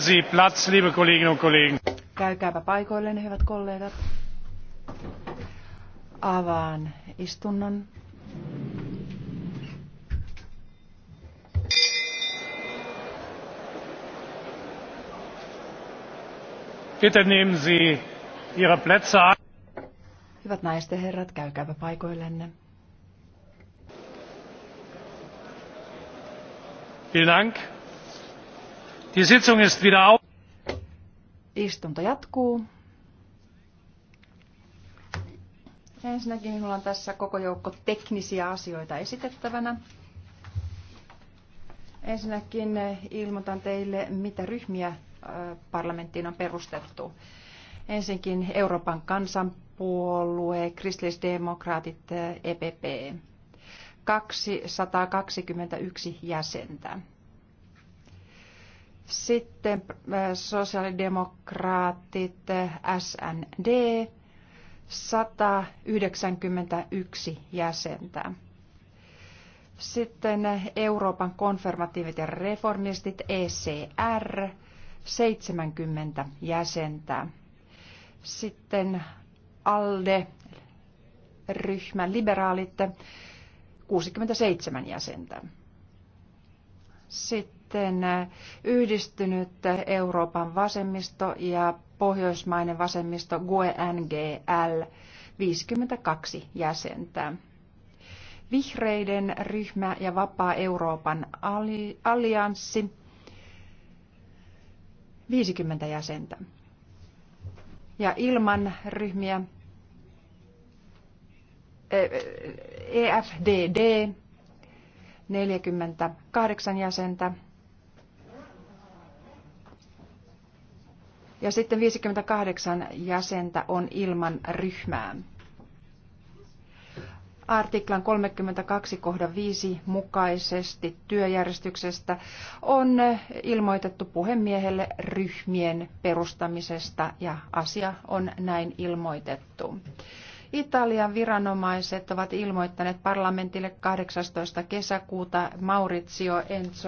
Sie Platz, liebe Kolleginnen und Kollegen. Käykääpä paikoilleen, hyvät kollegat. Avaan istunnon. Bitte nehmen Sie Ihre Plätze an. Hyvät naisten herrat, käykääpä paikoillenne. Vielen Dank. Die Sitzung ist wieder auf. Istunto jatkuu. Ensinnäkin minulla on tässä koko joukko teknisiä asioita esitettävänä. Ensinnäkin eh, ilmoitan teille, mitä ryhmiä eh, parlamenttiin on perustettu. Ensinnäkin Euroopan kansanpuolue, kristillisdemokraatit, EPP. Eh, e 221 jäsentä. Sitten äh, sosiaalidemokraatit, äh, SND, 191 jäsentä. Sitten äh, Euroopan konfirmatiivit ja reformistit, ECR, 70 jäsentä. Sitten ALDE, ryhmän liberaalit, 67 jäsentä. Sitten äh, yhdistynyt Euroopan vasemmisto ja pohjoismainen vasemmisto GNGL 52 jäsentä. Vihreiden ryhmä ja Vapaa Euroopan allianssi 50 jäsentä. Ja ilman ryhmiä äh, äh, EFDD 48 jäsentä. Ja sitten 58 jäsentä on ilman ryhmää. Artiklan 32 kohdan 5 mukaisesti työjärjestyksestä on ilmoitettu puhemiehelle ryhmien perustamisesta ja asia on näin ilmoitettu. Italian viranomaiset ovat ilmoittaneet parlamentille 18. kesäkuuta Maurizio Enzo